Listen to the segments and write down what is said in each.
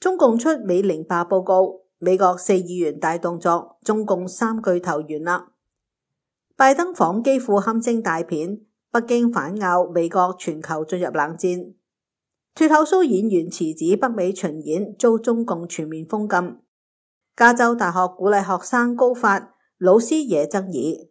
中共出美霸凌報告，美國四議員大動作，中共三巨頭懸了。拜登訪基輔堪稱大片，北京反咬，美國全球進入冷戰。脫口秀演員辭子北美巡演，遭中共全面封禁。加州大學鼓勵學生告發，老師惹爭議。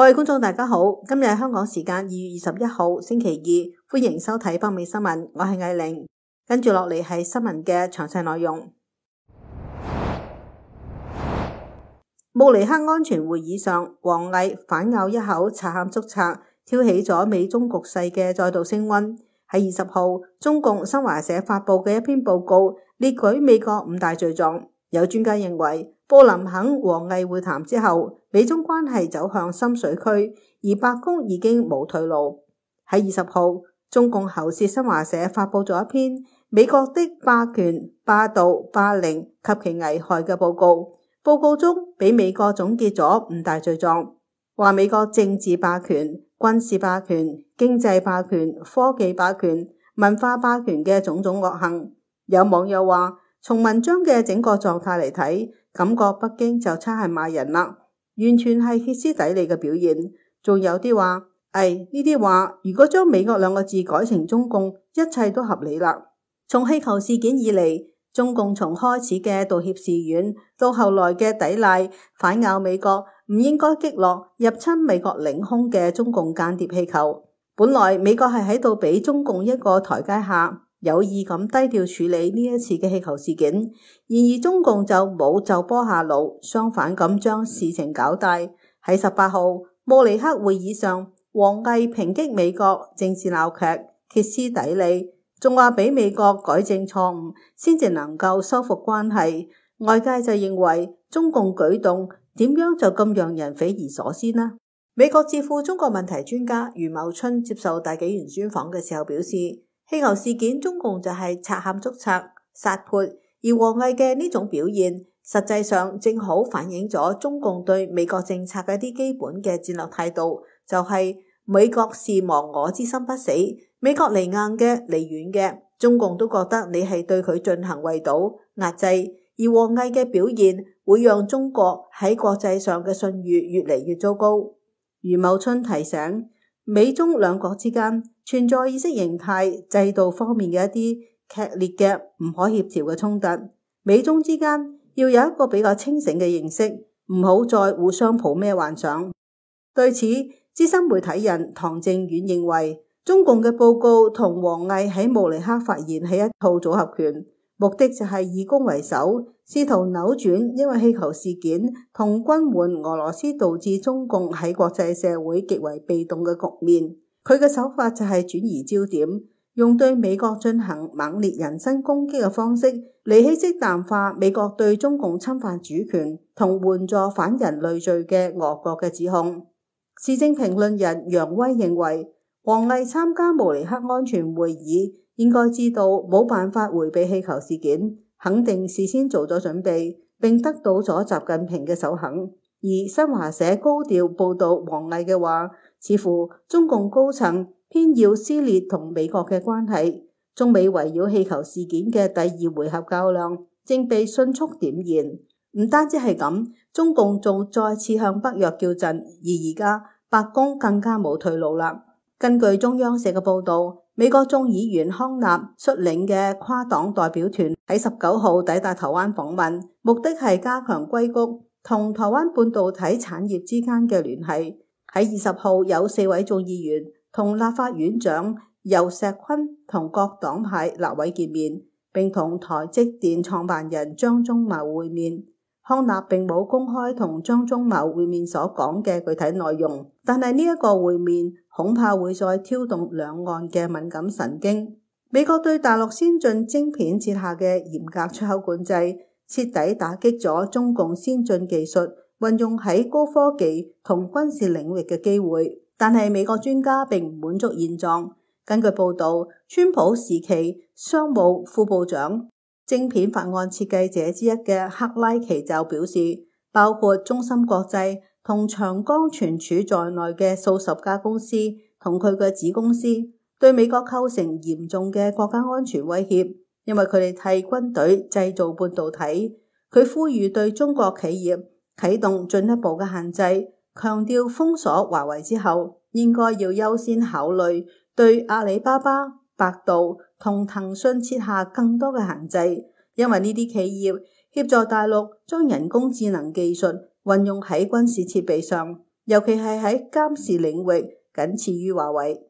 各位觀眾，大家好，今日係香港時間二月二十一號星期二，歡迎收睇《北美新聞》，我係艾凌。跟住落嚟係新聞嘅詳細內容。慕尼黑安全會議上，王毅反咬一口，賊喊捉賊，挑起咗美中局勢嘅再度升温。喺二十號，中共新華社發佈嘅一篇報告，列舉美國五大罪狀。有專家認為。布林肯和王毅會談之後，美中關係走向深水區，而白宮已經冇退路。喺二十號，中共喉舌新華社發布咗一篇《美國的霸權、霸道、霸凌及其危害》嘅報告。報告中俾美國總結咗五大罪狀，話美國政治霸權、軍事霸權、經濟霸權、科技霸權、文化霸權嘅種種惡行。有網友話，從文章嘅整個狀態嚟睇。感覺北京就差係罵人啦，完全係歇斯底里嘅表現。仲有啲話，唉、哎，呢啲話，如果將美國兩個字改成中共，一切都合理啦。從氣球事件以嚟，中共從開始嘅道歉示弱，到後來嘅抵賴、反咬美國，唔應該擊落入侵美國領空嘅中共間諜氣球。本來美國係喺度俾中共一個台階下。有意咁低調處理呢一次嘅氣球事件，然而中共就冇就坡下驢，相反咁將事情搞大。喺十八號慕尼黑會議上，王毅抨擊美國政治鬧劇、歇斯底里，仲話俾美國改正錯誤先至能夠修復關係。外界就認為中共舉動點樣就咁讓人匪夷所思呢？美國智庫中國問題專家余茂春接受大紀元專訪嘅時候表示。氣球事件，中共就係賊喊、捉賊、撒潑；而王毅嘅呢種表現，實際上正好反映咗中共對美國政策嘅一啲基本嘅戰略態度，就係、是、美國是亡我之心不死，美國嚟硬嘅、嚟遠嘅，中共都覺得你係對佢進行圍堵、壓制；而王毅嘅表現會讓中國喺國際上嘅信譽越嚟越糟糕。余茂春提醒。美中兩國之間存在意識形態、制度方面嘅一啲劇烈嘅唔可協調嘅衝突，美中之間要有一個比較清醒嘅認識，唔好再互相抱咩幻想。對此，資深媒體人唐正遠認為，中共嘅報告同王毅喺慕尼黑發言係一套組合拳。目的就係以攻為守，試圖扭轉因為氣球事件同軍援俄羅斯導致中共喺國際社會極為被動嘅局面。佢嘅手法就係轉移焦點，用對美國進行猛烈人身攻擊嘅方式，嚟氣息淡化美國對中共侵犯主權同援助反人類罪嘅俄國嘅指控。時政評論人楊威認為。王毅參加慕尼黑安全會議，應該知道冇辦法回避氣球事件，肯定事先做咗準備，並得到咗習近平嘅首肯。而新華社高調報道王毅嘅話，似乎中共高層偏要撕裂同美國嘅關係。中美圍繞氣球事件嘅第二回合較量正被迅速點燃。唔單止係咁，中共仲再次向北約叫陣，而而家白宮更加冇退路啦。根據中央社嘅報道，美國眾議員康納率領嘅跨黨代表團喺十九號抵達台灣訪問，目的係加強硅谷同台灣半導體產業之間嘅聯繫。喺二十號有四位眾議員同立法院長游錫堃同各黨派立委見面，並同台積電創辦人張忠謀會面。康納並冇公開同張忠謀會面所講嘅具體內容，但係呢一個會面恐怕會再挑動兩岸嘅敏感神經。美國對大陸先進晶片設下嘅嚴格出口管制，徹底打擊咗中共先進技術運用喺高科技同軍事領域嘅機會。但係美國專家並唔滿足現狀。根據報導，川普時期商務副部長，晶片法案設計者之一嘅克拉奇就表示，包括中芯國際同長江存儲在內嘅數十家公司同佢嘅子公司，對美國構成嚴重嘅國家安全威脅，因為佢哋替軍隊製造半導體。佢呼籲對中國企業啟動進一步嘅限制，強調封鎖華為之後，應該要優先考慮對阿里巴巴。百度同騰訊設下更多嘅限制，因為呢啲企業協助大陸將人工智能技術運用喺軍事設備上，尤其係喺監視領域，僅次於華為。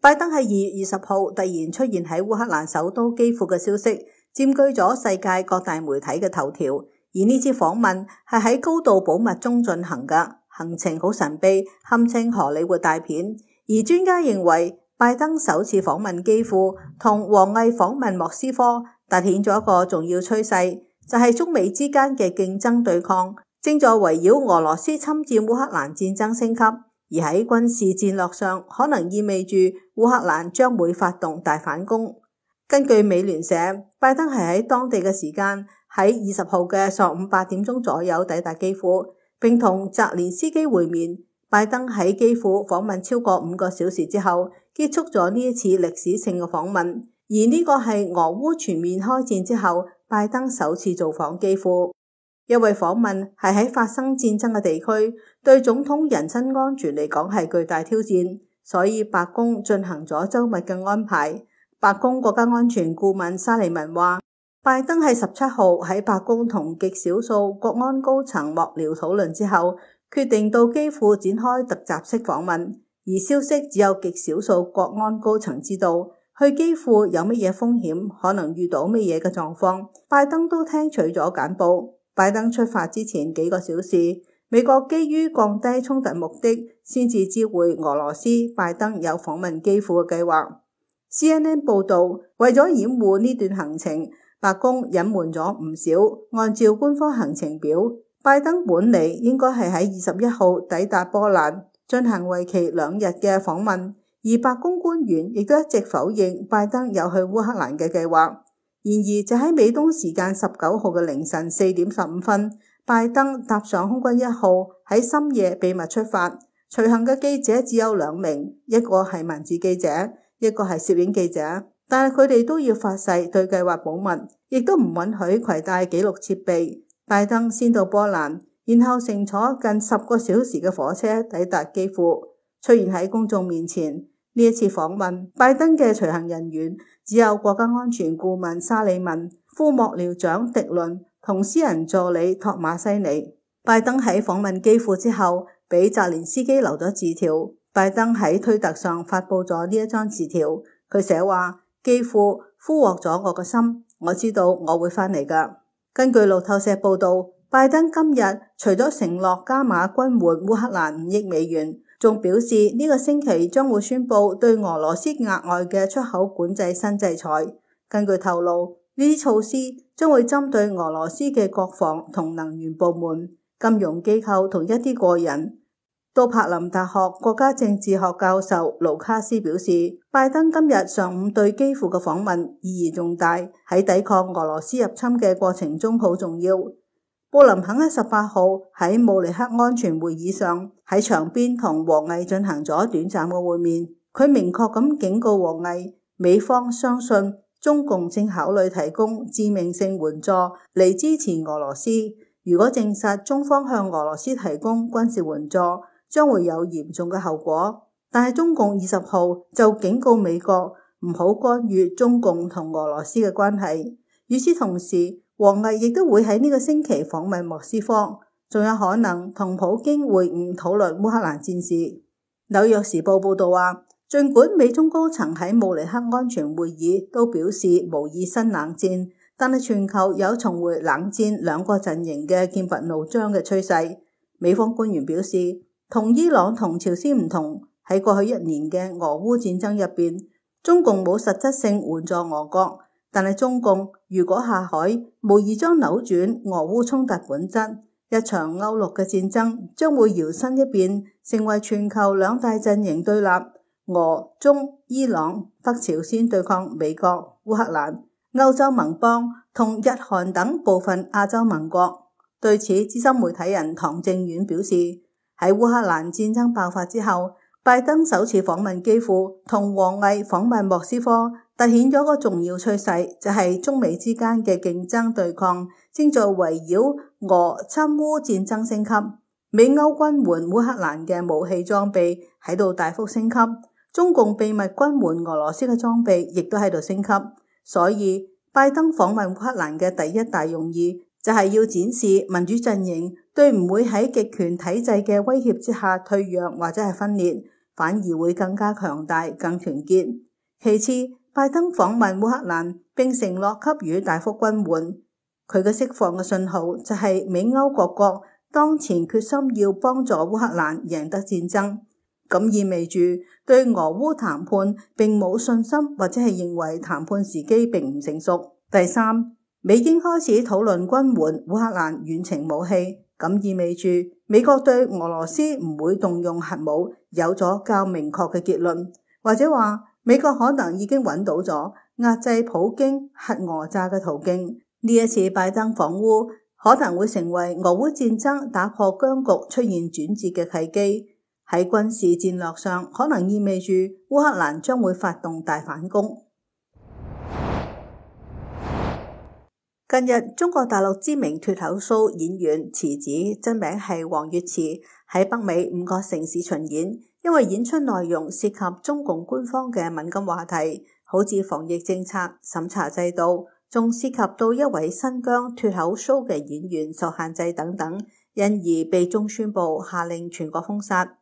拜登喺二月二十號突然出現喺烏克蘭首都基輔嘅消息，佔據咗世界各大媒體嘅頭條。而呢次訪問係喺高度保密中進行㗎。行程好神秘，堪稱荷里活大片。而專家認為拜登首次訪問基輔同王毅訪問莫斯科，凸顯咗一個重要趨勢，就係、是、中美之間嘅競爭對抗正在圍繞俄羅斯侵佔烏克蘭戰爭升級，而喺軍事戰略上，可能意味住烏克蘭將會發動大反攻。根據美聯社，拜登係喺當地嘅時間，喺二十號嘅上午八點鐘左右抵達基輔。並同澤連斯基會面。拜登喺基輔訪問超過五個小時之後，結束咗呢一次歷史性嘅訪問。而呢個係俄烏全面開戰之後，拜登首次造訪基輔。因為訪問係喺發生戰爭嘅地區，對總統人身安全嚟講係巨大挑戰，所以白宮進行咗周密嘅安排。白宮國家安全顧問沙利文話。拜登喺十七號喺白宮同極少數國安高層幕僚討論之後，決定到基輔展開突襲式訪問。而消息只有極少數國安高層知道去基輔有乜嘢風險，可能遇到乜嘢嘅狀況。拜登都聽取咗簡報。拜登出發之前幾個小時，美國基於降低衝突目的，先至知會俄羅斯拜登有訪問基輔嘅計劃。CNN 報道，為咗掩護呢段行程。白宮隱瞞咗唔少，按照官方行程表，拜登本嚟應該係喺二十一號抵達波蘭進行為期兩日嘅訪問，而白宮官員亦都一直否認拜登有去烏克蘭嘅計劃。然而，就喺美東時間十九號嘅凌晨四點十五分，拜登搭上空軍一號喺深夜秘密出發，隨行嘅記者只有兩名，一個係文字記者，一個係攝影記者。但係佢哋都要發誓對計劃保密，亦都唔允許攜帶記錄設備。拜登先到波蘭，然後乘坐近十個小時嘅火車抵達基輔，出現喺公眾面前。呢一次訪問，拜登嘅隨行人員只有國家安全顧問沙利文、副幕僚長迪倫同私人助理托馬西尼。拜登喺訪問基輔之後，俾澤連斯基留咗字條。拜登喺推特上發布咗呢一張字條，佢寫話。幾乎俘獲咗我個心，我知道我會翻嚟噶。根據路透社報道，拜登今日除咗承諾加碼軍援烏克蘭五億美元，仲表示呢個星期將會宣布對俄羅斯額外嘅出口管制新制裁。根據透露，呢啲措施將會針對俄羅斯嘅國防同能源部門、金融機構同一啲個人。到柏林大學國家政治學教授盧卡斯表示，拜登今日上午對基輔嘅訪問意義重大，喺抵抗俄羅斯入侵嘅過程中好重要。布林肯喺十八號喺慕尼黑安全會議上喺場邊同王毅進行咗短暫嘅會面，佢明確咁警告王毅，美方相信中共正考慮提供致命性援助嚟支持俄羅斯。如果證實中方向俄羅斯提供軍事援助，將會有嚴重嘅後果，但係中共二十號就警告美國唔好干預中共同俄羅斯嘅關係。與此同時，王毅亦都會喺呢個星期訪問莫斯科，仲有可能同普京會晤討論烏克蘭戰事。紐約時報報道話，儘管美中高層喺慕尼黑安全會議都表示無意新冷戰，但係全球有重回冷戰兩個陣營嘅劍拔弩張嘅趨勢。美方官員表示。同伊朗、同朝鮮唔同，喺過去一年嘅俄烏戰爭入邊，中共冇實質性援助俄國，但係中共如果下海，無疑將扭轉俄烏衝突本質。一場歐陸嘅戰爭將會搖身一變，成為全球兩大陣營對立：俄、中、伊朗、北朝鮮對抗美國、烏克蘭、歐洲盟邦同日韓等部分亞洲盟國。對此，資深媒體人唐正遠表示。喺烏克蘭戰爭爆發之後，拜登首次訪問基輔，同王毅訪問莫斯科，凸顯咗個重要趨勢，就係、是、中美之間嘅競爭對抗正在圍繞俄侵烏戰爭升級。美歐軍援烏克蘭嘅武器裝備喺度大幅升級，中共秘密軍援俄羅斯嘅裝備亦都喺度升級。所以，拜登訪問烏克蘭嘅第一大用意，就係、是、要展示民主陣營。對唔會喺極權體制嘅威脅之下退讓或者係分裂，反而會更加強大、更團結。其次，拜登訪問烏克蘭並承諾給予大幅軍援，佢嘅釋放嘅信號就係美歐各國當前決心要幫助烏克蘭贏得戰爭。咁意味住對俄烏談判並冇信心，或者係認為談判時機並唔成熟。第三，美英開始討論軍援烏克蘭遠程武器。咁意味住美國對俄羅斯唔會動用核武，有咗較明確嘅結論，或者話美國可能已經揾到咗壓制普京核訛詐嘅途徑。呢一次拜登訪烏可能會成為俄烏戰爭打破僵局、出現轉折嘅契機。喺軍事戰略上，可能意味住烏克蘭將會發動大反攻。近日，中國大陸知名脫口 show 演員池子，真名係王越池，喺北美五個城市巡演，因為演出內容涉及中共官方嘅敏感話題，好似防疫政策、審查制度，仲涉及到一位新疆脫口 show 嘅演員受限制等等，因而被中宣部下令全國封殺。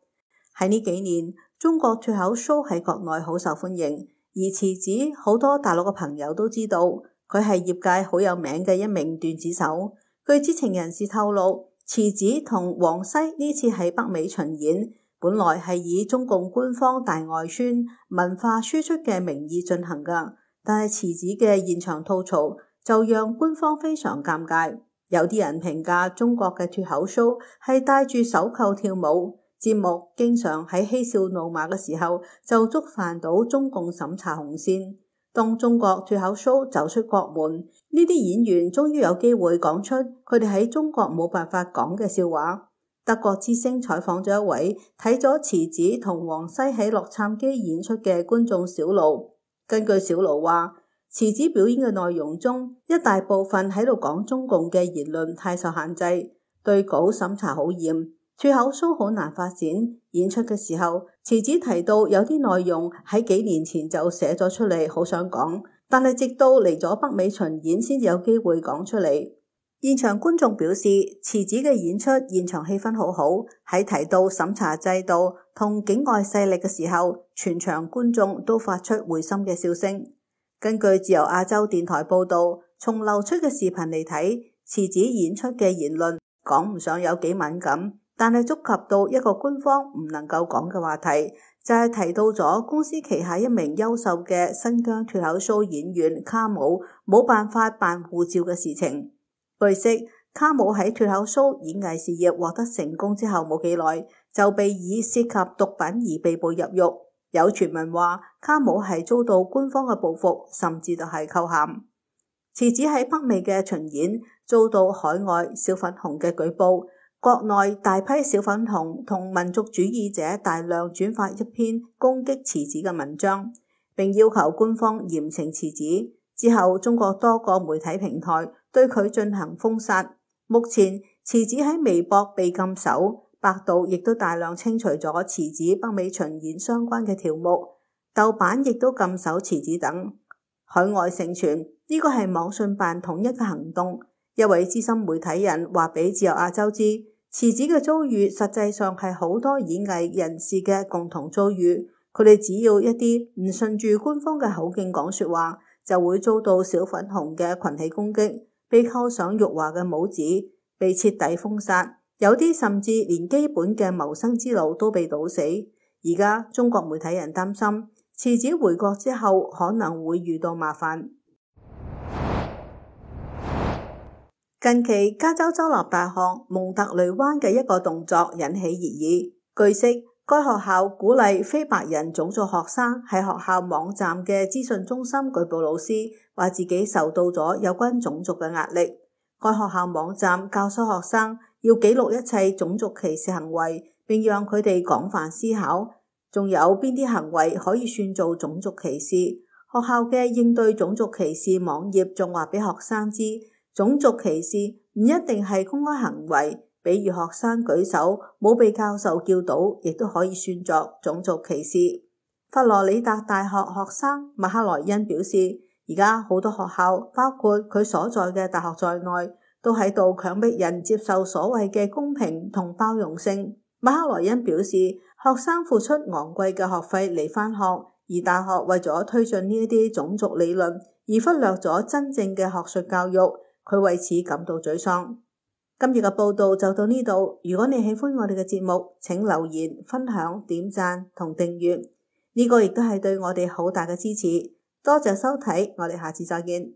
喺呢幾年，中國脫口 show 喺國內好受歡迎，而池子好多大陸嘅朋友都知道。佢係業界好有名嘅一名段子手，據知情人士透露，池子同王西呢次喺北美巡演，本來係以中共官方大外宣、文化輸出嘅名義進行噶，但係池子嘅現場吐槽就讓官方非常尷尬。有啲人評價中國嘅脱口 show 係帶住手銬跳舞，節目經常喺嬉笑怒罵嘅時候就觸犯到中共審查紅線。當中國脫口 show 走出國門，呢啲演員終於有機會講出佢哋喺中國冇辦法講嘅笑話。德國之聲採訪咗一位睇咗池子同王西喺洛杉磯演出嘅觀眾小盧，根據小盧話，池子表演嘅內容中，一大部分喺度講中共嘅言論太受限制，對稿審查好嚴。脫口秀好難發展，演出嘅時候，池子提到有啲內容喺幾年前就寫咗出嚟，好想講，但係直到嚟咗北美巡演先至有機會講出嚟。現場觀眾表示，池子嘅演出現場氣氛好好，喺提到審查制度同境外勢力嘅時候，全場觀眾都發出會心嘅笑聲。根據自由亞洲電台報道，從流出嘅視頻嚟睇，池子演出嘅言論講唔上有幾敏感。但係觸及到一個官方唔能夠講嘅話題，就係、是、提到咗公司旗下一名優秀嘅新疆脫口秀演員卡姆冇辦法辦護照嘅事情。據悉，卡姆喺脫口秀演藝事業獲得成功之後冇幾耐，就被以涉及毒品而被捕入獄。有傳聞話卡姆係遭到官方嘅報復，甚至就係扣喊。次子喺北美嘅巡演遭到海外小粉紅嘅舉報。國內大批小粉紅同民族主義者大量轉發一篇攻擊池子嘅文章，並要求官方嚴懲池子。之後，中國多個媒體平台對佢進行封殺。目前，池子喺微博被禁搜，百度亦都大量清除咗池子北美巡演相關嘅條目，豆瓣亦都禁搜池子等。海外盛傳呢個係網信辦統一嘅行動。一位資深媒體人話俾自由亞洲知。池子嘅遭遇，實際上係好多演藝人士嘅共同遭遇。佢哋只要一啲唔順住官方嘅口徑講說話，就會遭到小粉紅嘅群體攻擊，被扣上辱華嘅帽子，被徹底封殺。有啲甚至連基本嘅謀生之路都被堵死。而家中國媒體人擔心，池子回國之後可能會遇到麻煩。近期加州州立大學蒙特雷灣嘅一個動作引起熱議。據悉，該學校鼓勵非白人種族學生喺學校網站嘅資訊中心舉報老師，話自己受到咗有關種族嘅壓力。該學校網站教唆學生要記錄一切種族歧視行為，並讓佢哋廣泛思考，仲有邊啲行為可以算做種族歧視。學校嘅應對種族歧視網頁仲話俾學生知。種族歧視唔一定係公開行為，比如學生舉手冇被教授叫到，亦都可以算作種族歧視。佛羅里達大學學生麥克萊恩表示，而家好多學校，包括佢所在嘅大學在內，都喺度強迫人接受所謂嘅公平同包容性。麥克萊恩表示，學生付出昂貴嘅學費嚟返學，而大學為咗推進呢一啲種族理論，而忽略咗真正嘅學術教育。佢為此感到沮喪。今日嘅報道就到呢度。如果你喜歡我哋嘅節目，請留言、分享、點讚同訂閱，呢個亦都係對我哋好大嘅支持。多謝收睇，我哋下次再見。